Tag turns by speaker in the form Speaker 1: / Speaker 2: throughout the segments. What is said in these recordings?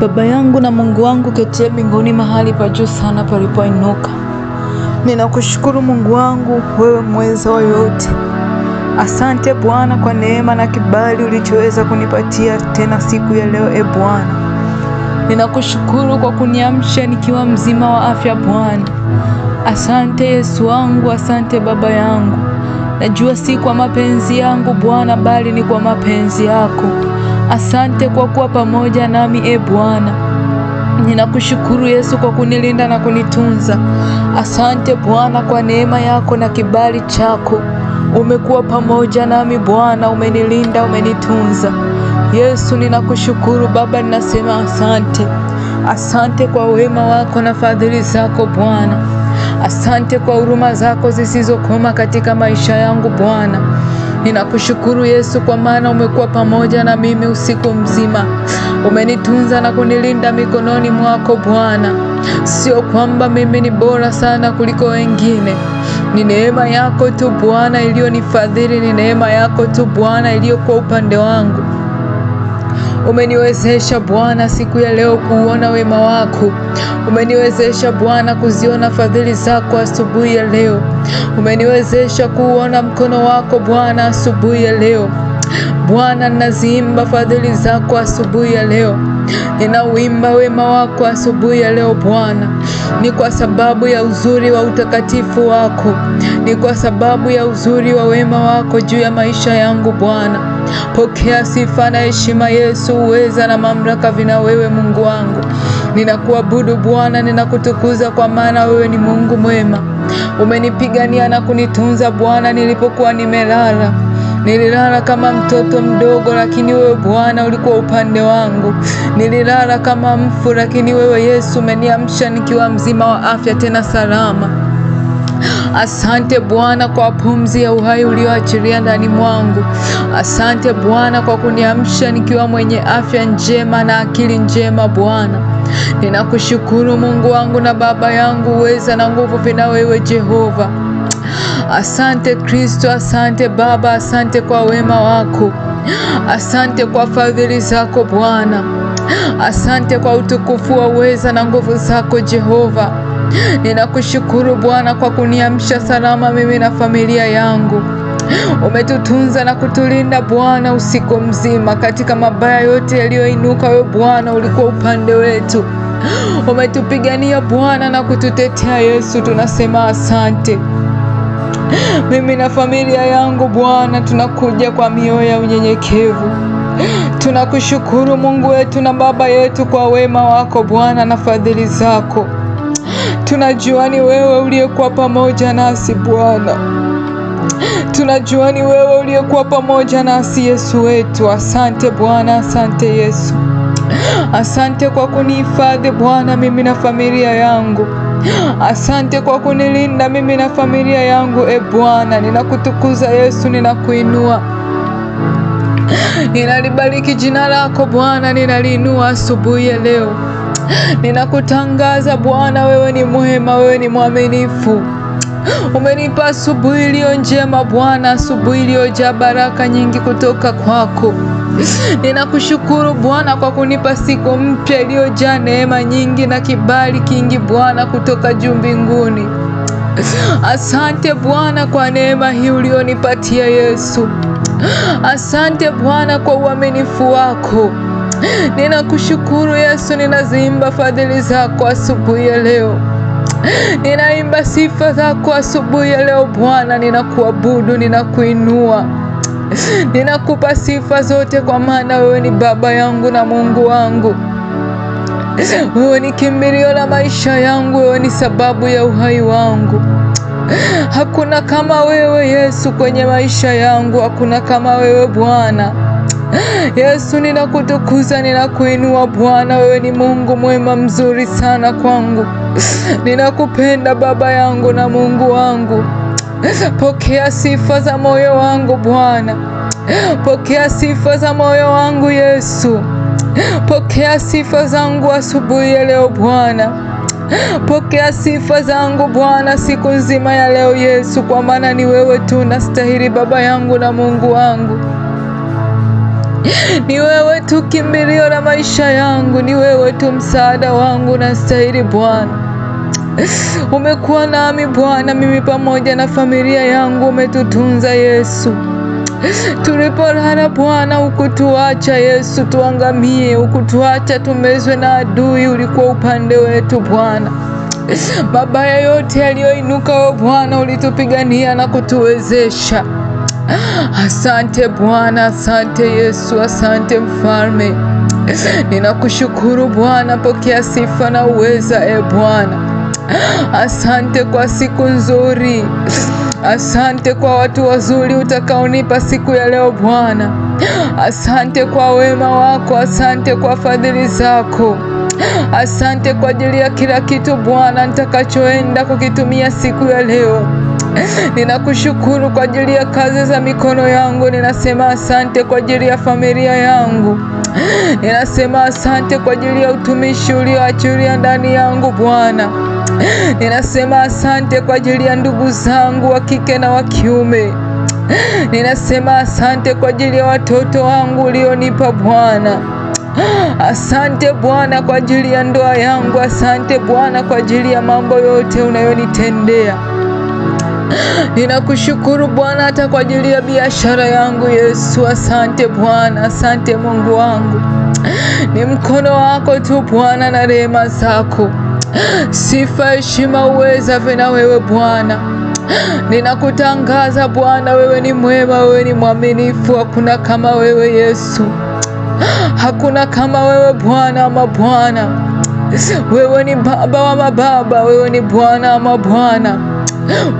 Speaker 1: Baba yangu na Mungu wangu ketie mbinguni mahali pa juu sana palipoinuka. Ninakushukuru Mungu wangu, wewe mweza wa yote. Asante Bwana kwa neema na kibali ulichoweza kunipatia tena siku ya leo. E Bwana, ninakushukuru kwa kuniamsha nikiwa mzima wa afya Bwana. Asante Yesu wangu, asante Baba yangu. Najua si kwa mapenzi yangu Bwana, bali ni kwa mapenzi yako. Asante kwa kuwa pamoja nami, e Bwana. Ninakushukuru Yesu kwa kunilinda na kunitunza. Asante Bwana kwa neema yako na kibali chako. Umekuwa pamoja nami Bwana, umenilinda, umenitunza. Yesu, ninakushukuru Baba, ninasema asante. Asante kwa wema wako na fadhili zako Bwana. Asante kwa huruma zako zisizokoma katika maisha yangu Bwana. Ninakushukuru Yesu, kwa maana umekuwa pamoja na mimi usiku mzima. Umenitunza na kunilinda mikononi mwako Bwana. Sio kwamba mimi ni bora sana kuliko wengine, ni neema yako tu Bwana iliyonifadhili, ni neema yako tu Bwana iliyokuwa upande wangu. Umeniwezesha Bwana siku ya leo kuuona wema wako. Umeniwezesha Bwana kuziona fadhili zako asubuhi ya leo. Umeniwezesha kuuona mkono wako Bwana asubuhi ya leo. Bwana, ninaziimba fadhili zako asubuhi ya leo, ninauimba wema wako asubuhi ya leo Bwana. Ni kwa sababu ya uzuri wa utakatifu wako, ni kwa sababu ya uzuri wa wema wako juu ya maisha yangu Bwana. Pokea sifa na heshima Yesu, uweza na mamlaka vina wewe Mungu wangu. Ninakuabudu Bwana, ninakutukuza kwa maana wewe ni Mungu mwema. Umenipigania na kunitunza Bwana nilipokuwa nimelala. Nililala kama mtoto mdogo, lakini wewe Bwana ulikuwa upande wangu. Nililala kama mfu, lakini wewe Yesu umeniamsha nikiwa mzima wa afya tena salama. Asante Bwana kwa pumzi ya uhai ulioachilia ndani mwangu. Asante Bwana kwa kuniamsha nikiwa mwenye afya njema na akili njema Bwana. Ninakushukuru Mungu wangu na Baba yangu, uweza na nguvu vina wewe Jehova. Asante Kristo, asante Baba, asante kwa wema wako, asante kwa fadhili zako Bwana, asante kwa utukufu wa uweza na nguvu zako Jehova. Ninakushukuru Bwana kwa kuniamsha salama mimi na familia yangu. Umetutunza na kutulinda Bwana usiku mzima, katika mabaya yote yaliyoinuka, wewe Bwana ulikuwa upande wetu. Umetupigania Bwana na kututetea Yesu, tunasema asante. Mimi na familia yangu Bwana tunakuja kwa mioyo ya unyenyekevu. Tunakushukuru Mungu wetu na Baba yetu kwa wema wako Bwana na fadhili zako. Tunajua ni wewe uliyekuwa pamoja nasi Bwana. Tunajua ni wewe uliyekuwa pamoja nasi Yesu wetu. Asante Bwana, asante Yesu. Asante kwa kunihifadhi Bwana mimi na familia yangu. Asante kwa kunilinda mimi na familia yangu. E Bwana, ninakutukuza Yesu, ninakuinua. Ninalibariki jina lako Bwana, ninaliinua asubuhi ya leo. Ninakutangaza Bwana, wewe ni mwema, wewe ni mwaminifu. Umenipa asubuhi iliyo njema Bwana, asubuhi iliyojaa baraka nyingi kutoka kwako. Ninakushukuru Bwana kwa kunipa siku mpya iliyojaa neema nyingi na kibali kingi Bwana, kutoka juu mbinguni. Asante Bwana kwa neema hii ulionipatia Yesu. Asante Bwana kwa uaminifu wako. Ninakushukuru Yesu, ninaziimba fadhili zako asubuhi ya leo ninaimba sifa zako asubuhi ya leo Bwana, ninakuabudu, ninakuinua, ninakupa sifa zote, kwa maana wewe ni baba yangu na Mungu wangu. Wewe ni kimbilio la maisha yangu, wewe ni sababu ya uhai wangu. Hakuna kama wewe Yesu kwenye maisha yangu, hakuna kama wewe Bwana. Yesu, ninakutukuza, ninakuinua Bwana, wewe ni Mungu mwema, mzuri sana kwangu. Ninakupenda Baba yangu na Mungu wangu. Pokea sifa za moyo wangu Bwana, pokea sifa za moyo wangu Yesu, pokea sifa zangu asubuhi ya leo Bwana pokea sifa zangu Bwana siku nzima ya leo Yesu, kwa maana ni wewe tu nastahili Baba yangu na Mungu wangu. Ni wewe tu kimbilio la maisha yangu, ni wewe tu msaada wangu na stahili Bwana. Umekuwa nami Bwana, mimi pamoja na familia yangu, umetutunza Yesu. Tulipolala Bwana ukutuacha Yesu tuangamie, ukutuacha tumezwe na adui, ulikuwa upande wetu Bwana. Mabaya yote yaliyoinuka, o oh Bwana, ulitupigania na kutuwezesha. Asante Bwana, asante Yesu, asante Mfalme. Ninakushukuru Bwana, pokea sifa na uweza e Bwana. Asante kwa siku nzuri, asante kwa watu wazuri utakaonipa siku ya leo Bwana. Asante kwa wema wako, asante kwa fadhili zako, asante kwa ajili ya kila kitu Bwana nitakachoenda kukitumia siku ya leo. Ninakushukuru kwa ajili ya kazi za mikono yangu, ninasema asante kwa ajili ya familia yangu, ninasema asante kwa ajili ya utumishi ulioachilia ndani yangu Bwana, ninasema asante kwa ajili ya ndugu zangu wa kike na wa kiume ninasema asante kwa ajili ya watoto wangu ulionipa Bwana. Asante Bwana kwa ajili ya ndoa yangu. Asante Bwana kwa ajili ya mambo yote unayonitendea. Ninakushukuru Bwana hata kwa ajili ya biashara yangu Yesu. Asante Bwana, asante Mungu wangu, ni mkono wako tu Bwana na rehema zako. Sifa, heshima, uweza vina wewe Bwana. Ninakutangaza Bwana, wewe ni mwema, wewe ni mwaminifu, hakuna kama wewe Yesu, hakuna kama wewe Bwana wa bwana Wewe ni Baba wa mababa, wewe ni Bwana ama bwana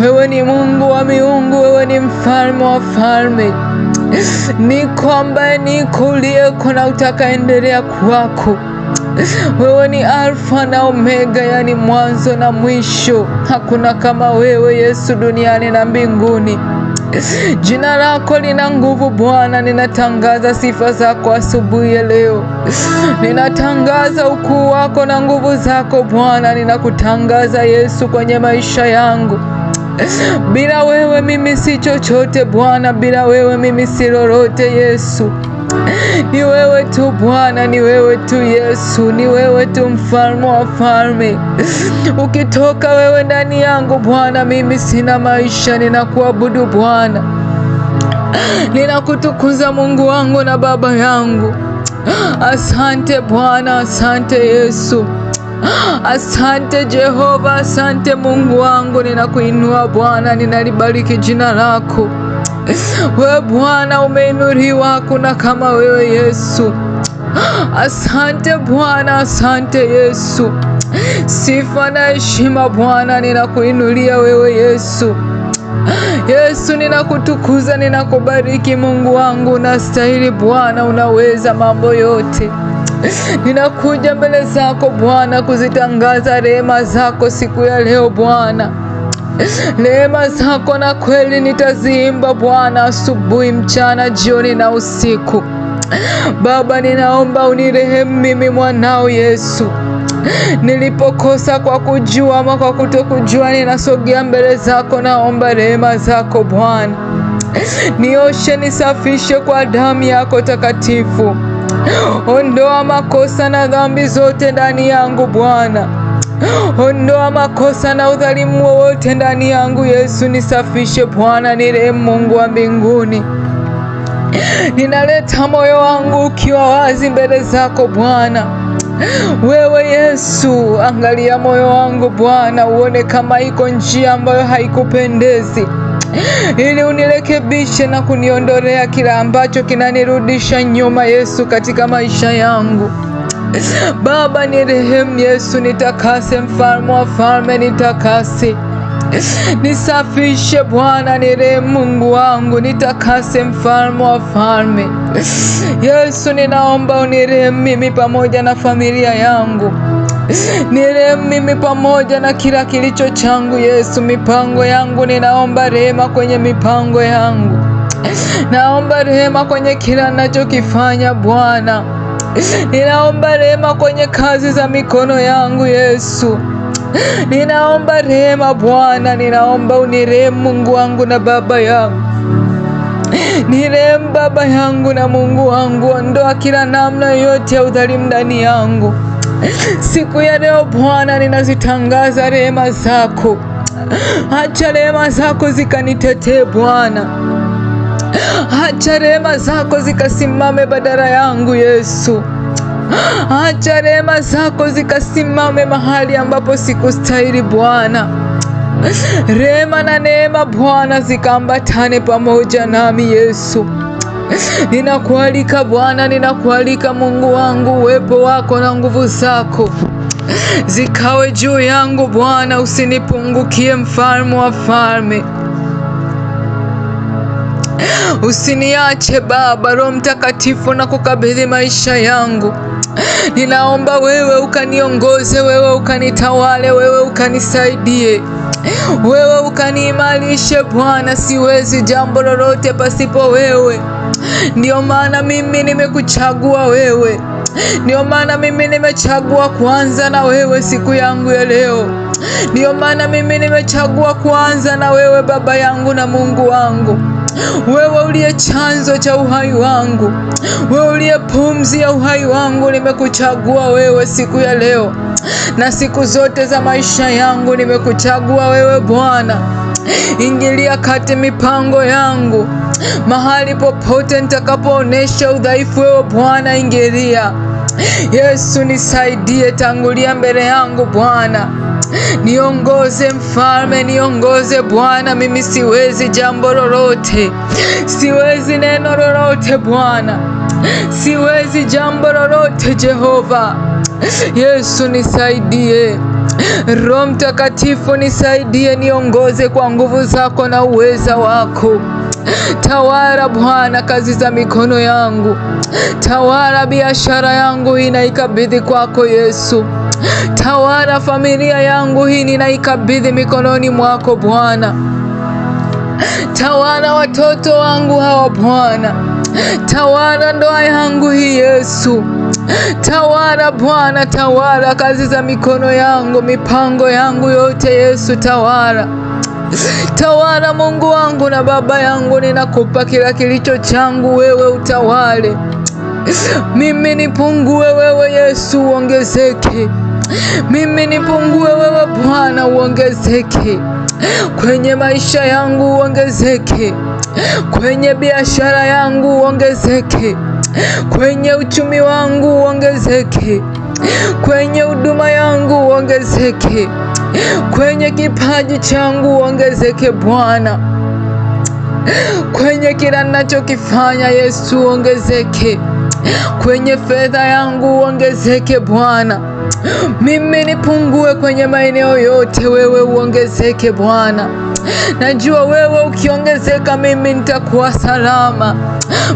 Speaker 1: wewe ni Mungu wa miungu, wewe ni mfalme wa falme, niko ambaye niko uliyeko na utakaendelea kwako. Wewe ni Alfa na Omega, yani mwanzo na mwisho. Hakuna kama wewe Yesu duniani na mbinguni. Jina lako lina nguvu Bwana, ninatangaza sifa zako asubuhi ya leo. Ninatangaza ukuu wako na nguvu zako Bwana, ninakutangaza Yesu kwenye maisha yangu. Bila wewe mimi si chochote Bwana, bila wewe mimi si lolote Yesu. Ni wewe tu Bwana, ni wewe tu Yesu, ni wewe tu mfalme wa falme. Ukitoka wewe ndani yangu Bwana, mimi sina maisha, ninakuabudu Bwana, ninakutukuza Mungu wangu na Baba yangu. Asante Bwana, asante Yesu. Asante Jehova, asante Mungu wangu, ninakuinua Bwana, ninalibariki jina lako. Wewe Bwana umeinuliwa, hakuna kama wewe Yesu. Asante Bwana, asante Yesu. Sifa na heshima Bwana, ninakuinulia wewe Yesu. Yesu, ninakutukuza, ninakubariki Mungu wangu, unastahili Bwana, unaweza mambo yote. Ninakuja mbele zako Bwana kuzitangaza rehema zako siku ya leo Bwana. Neema zako na kweli nitaziimba Bwana, asubuhi, mchana, jioni na usiku. Baba, ninaomba unirehemu mimi mwanao Yesu. Nilipokosa kwa kujua ama kwa kutokujua, ninasogea mbele zako, naomba rehema zako Bwana. Nioshe, nisafishe kwa damu yako takatifu. Ondoa makosa na dhambi zote ndani yangu Bwana. Ondoa makosa na udhalimu wowote ndani yangu Yesu, nisafishe Bwana, nile Mungu wa mbinguni. Ninaleta moyo wangu ukiwa wazi mbele zako Bwana. Wewe Yesu, angalia moyo wangu Bwana, uone kama iko njia ambayo haikupendezi ili unirekebishe na kuniondolea kila ambacho kinanirudisha nyuma, Yesu, katika maisha yangu. Baba ni rehemu Yesu, nitakase mfalme wa falme, nitakase nisafishe Bwana, ni rehemu Mungu wangu, nitakase mfalme wa falme. Yesu, ninaomba unirehemu mimi pamoja na familia yangu. nirehemu mimi pamoja na kila kilicho changu. Yesu, mipango yangu, ninaomba rehema kwenye mipango yangu, naomba rehema kwenye kila ninachokifanya Bwana, ninaomba rehema kwenye kazi za mikono yangu Yesu, ninaomba rehema Bwana, ninaomba unirehemu Mungu wangu na Baba yangu nirehemu Baba yangu na Mungu wangu, ondoa kila namna yoyote ya udhalimu ndani yangu. Siku ya leo Bwana, ninazitangaza rehema zako. Hacha rehema zako zikanitetee Bwana, hacha rehema zako zikasimame badala yangu Yesu. Hacha rehema zako zikasimame mahali ambapo sikustahili Bwana. Rehema na neema Bwana zikaambatane pamoja nami Yesu. Ninakualika Bwana, ninakualika Mungu wangu, uwepo wako na nguvu zako zikawe juu yangu Bwana, usinipungukie mfalme wa falme. Usiniache Baba. Roho Mtakatifu, na kukabidhi maisha yangu. Ninaomba wewe ukaniongoze, wewe ukanitawale, wewe ukanisaidie, wewe ukaniimarishe Bwana. Siwezi jambo lolote pasipo wewe. Ndio maana mimi nimekuchagua wewe, ndiyo maana mimi nimechagua kuanza na wewe siku yangu ya leo. Ndiyo maana mimi nimechagua kuanza na wewe Baba yangu na Mungu wangu, wewe uliye chanzo cha uhai wangu, wewe uliye pumzi ya uhai wangu. Nimekuchagua wewe siku ya leo na siku zote za maisha yangu, nimekuchagua wewe Bwana. Ingilia kati mipango yangu mahali popote nitakapoonesha udhaifu, wewe Bwana ingilia. Yesu nisaidie, tangulia mbele yangu Bwana. Niongoze mfalme, niongoze Bwana. Mimi siwezi jambo lolote, siwezi neno lolote Bwana, siwezi jambo lolote Jehova. Yesu nisaidie. Roho Mtakatifu nisaidie, niongoze kwa nguvu zako na uweza wako. Tawala Bwana kazi za mikono yangu, tawala biashara yangu hii naikabidhi kwako Yesu. Tawala familia yangu hii ninaikabidhi mikononi mwako Bwana. Tawala watoto wangu hawa Bwana, tawala ndoa yangu hii Yesu. Tawala Bwana, tawala kazi za mikono yangu, mipango yangu yote Yesu, tawala Tawala Mungu wangu na Baba yangu, ninakupa kila kilicho changu, wewe utawale. Mimi nipungue, wewe Yesu uongezeke. Mimi nipungue, wewe Bwana uongezeke kwenye maisha yangu, uongezeke kwenye biashara yangu, uongezeke kwenye uchumi wangu, uongezeke kwenye huduma yangu, uongezeke kwenye kipaji changu uongezeke Bwana, kwenye kila ninachokifanya Yesu uongezeke, kwenye fedha yangu uongezeke Bwana, mimi nipungue kwenye maeneo yote, wewe uongezeke Bwana. Najua wewe ukiongezeka, mimi nitakuwa salama,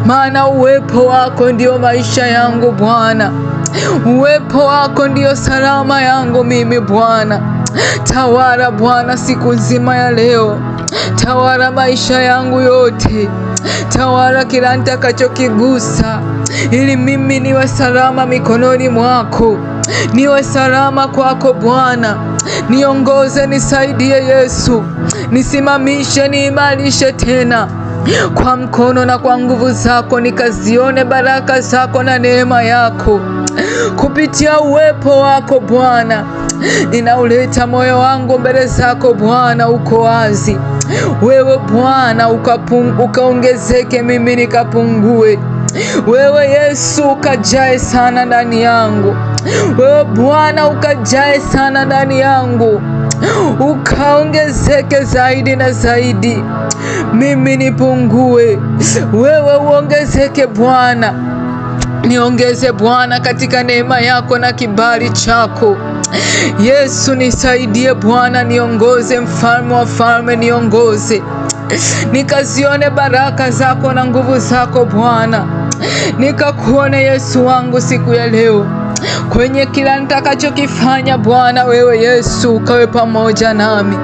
Speaker 1: maana uwepo wako ndio maisha yangu Bwana, uwepo wako ndio salama yangu mimi Bwana. Tawala Bwana siku nzima ya leo, tawala maisha yangu yote, tawala kila nitakachokigusa, ili mimi niwe salama mikononi mwako, niwe salama kwako Bwana. Niongoze, nisaidie Yesu, nisimamishe, niimarishe tena kwa mkono na kwa nguvu zako, nikazione baraka zako na neema yako kupitia uwepo wako Bwana ninauleta moyo wangu mbele zako Bwana, uko wazi wewe Bwana, ukaongezeke uka mimi nikapungue wewe Yesu ukajae sana ndani yangu, wewe Bwana ukajae sana ndani yangu, ukaongezeke zaidi na zaidi, mimi nipungue, wewe uongezeke Bwana. Niongeze Bwana katika neema yako na kibali chako. Yesu nisaidie Bwana, niongoze mfalme wa falme, niongoze nikazione baraka zako na nguvu zako Bwana, nikakuone Yesu wangu siku ya leo kwenye kila nitakachokifanya Bwana, wewe Yesu ukawe pamoja nami.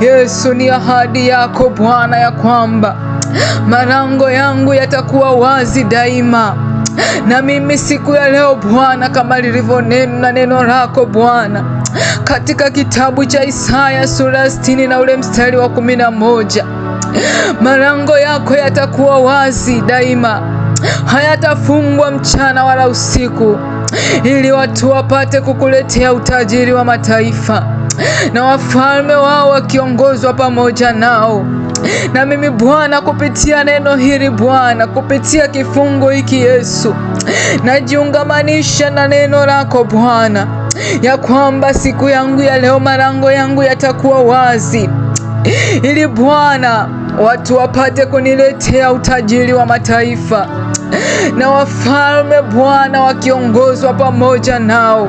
Speaker 1: Yesu, ni ahadi yako Bwana ya kwamba malango yangu yatakuwa wazi daima na mimi siku ya leo Bwana, kama lilivyo neno na neno lako Bwana katika kitabu cha Isaya sura ya sitini na ule mstari wa kumi na moja malango yako yatakuwa wazi daima, hayatafungwa mchana wala usiku, ili watu wapate kukuletea utajiri wa mataifa na wafalme wao wakiongozwa pamoja nao na mimi Bwana, kupitia neno hili Bwana, kupitia kifungo hiki Yesu, najiungamanisha na neno lako Bwana, ya kwamba siku yangu ya leo malango yangu yatakuwa wazi, ili Bwana watu wapate kuniletea utajiri wa mataifa na wafalme Bwana wakiongozwa pamoja nao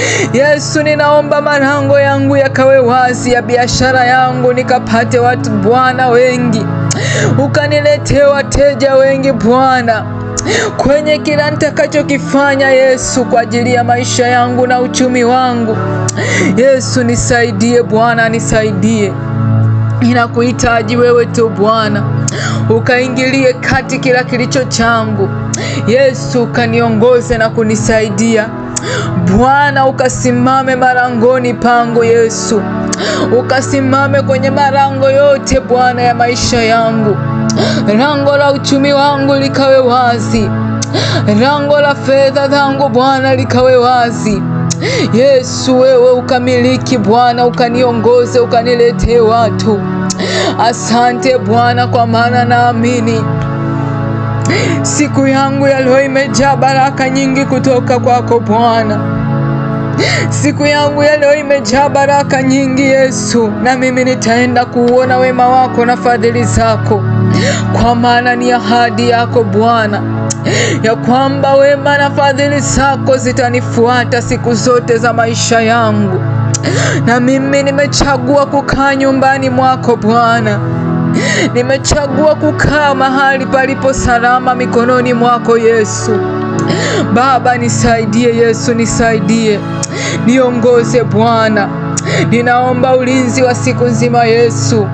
Speaker 1: Yesu, ninaomba malango yangu yakawe wazi ya biashara yangu, nikapate watu Bwana wengi, ukaniletee wateja wengi Bwana kwenye kila nitakachokifanya Yesu, kwa ajili ya maisha yangu na uchumi wangu. Yesu nisaidie Bwana, nisaidie. Ninakuhitaji wewe tu Bwana, ukaingilie kati kila kilicho changu Yesu, ukaniongoze na kunisaidia. Bwana ukasimame marangoni pangu Yesu, ukasimame kwenye marango yote Bwana ya maisha yangu, rango la uchumi wangu likawe wazi, rango la fedha zangu Bwana likawe wazi. Yesu wewe ukamiliki Bwana, ukaniongoze ukaniletee watu. Asante Bwana, kwa maana naamini Siku yangu ya leo imejaa baraka nyingi kutoka kwako Bwana. Siku yangu ya leo imejaa baraka nyingi Yesu, na mimi nitaenda kuuona wema wako na fadhili zako, kwa maana ni ahadi yako Bwana ya kwamba wema na fadhili zako zitanifuata siku zote za maisha yangu, na mimi nimechagua kukaa nyumbani mwako Bwana. Nimechagua kukaa mahali palipo salama mikononi mwako Yesu. Baba nisaidie, Yesu nisaidie, niongoze Bwana. Ninaomba ulinzi wa siku nzima Yesu.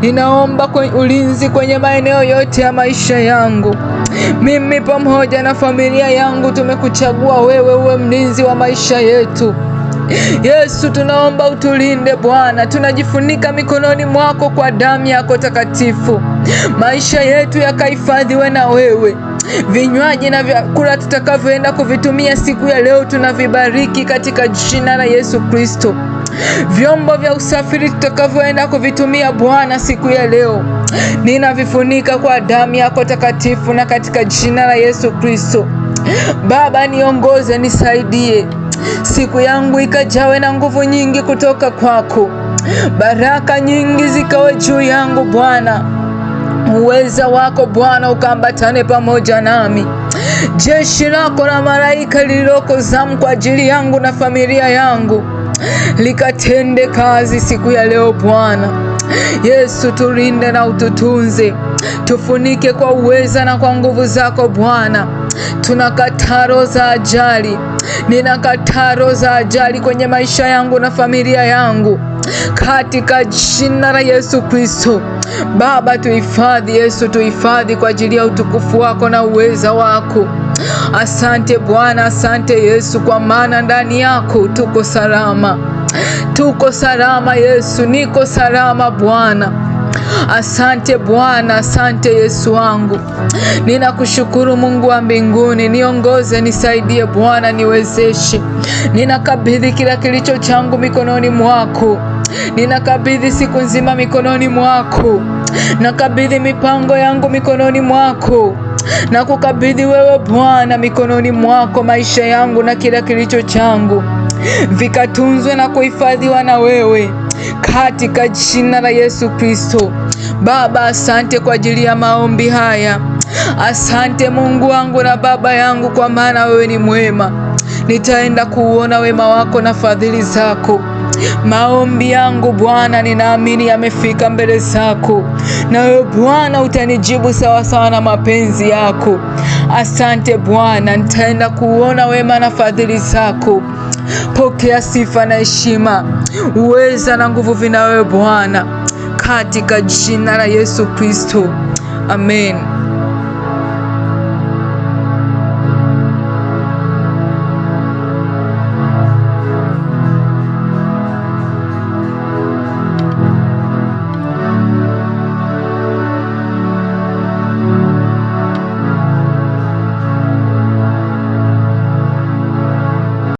Speaker 1: Ninaomba kwen, ulinzi kwenye maeneo yote ya maisha yangu. Mimi pamoja na familia yangu tumekuchagua wewe uwe mlinzi wa maisha yetu. Yesu, tunaomba utulinde Bwana, tunajifunika mikononi mwako kwa damu yako takatifu, maisha yetu yakahifadhiwe na wewe vinywaji na vyakula tutakavyoenda kuvitumia siku ya leo tunavibariki katika jina la Yesu Kristo. Vyombo vya usafiri tutakavyoenda kuvitumia Bwana siku ya leo ninavifunika kwa damu yako takatifu, na katika jina la Yesu Kristo. Baba, niongoze, nisaidie siku yangu ikajawe na nguvu nyingi kutoka kwako, baraka nyingi zikawe juu yangu Bwana, uweza wako Bwana ukaambatane pamoja nami jeshi lako la malaika lililoko zamu kwa ajili yangu na familia yangu likatende kazi siku ya leo Bwana Yesu, tulinde na ututunze, tufunike kwa uweza na kwa nguvu zako Bwana tunakataa roho za ajali, ninakataa roho za ajali kwenye maisha yangu na familia yangu katika jina la Yesu Kristo. Baba tuhifadhi, Yesu tuhifadhi kwa ajili ya utukufu wako na uweza wako. Asante Bwana, asante Yesu, kwa maana ndani yako tuko salama, tuko salama Yesu, niko salama Bwana. Asante Bwana, asante Yesu wangu, ninakushukuru Mungu wa mbinguni. Niongoze, nisaidie Bwana, niwezeshe. Ninakabidhi kila kilicho changu mikononi mwako. Ninakabidhi siku nzima mikononi mwako. Nakabidhi mipango yangu mikononi mwako na kukabidhi wewe Bwana mikononi mwako maisha yangu na kila kilicho changu, vikatunzwe na kuhifadhiwa na wewe katika jina la Yesu Kristo. Baba, asante kwa ajili ya maombi haya. Asante Mungu wangu na Baba yangu, kwa maana wewe ni mwema. Nitaenda kuuona wema wako na fadhili zako. Maombi yangu Bwana, ninaamini yamefika mbele zako, na wewe Bwana utanijibu sawasawa na mapenzi yako. Asante Bwana, nitaenda kuuona wema na fadhili zako. Pokea sifa na heshima, uweza na nguvu vinawe Bwana, katika jina la Yesu Kristo, amen.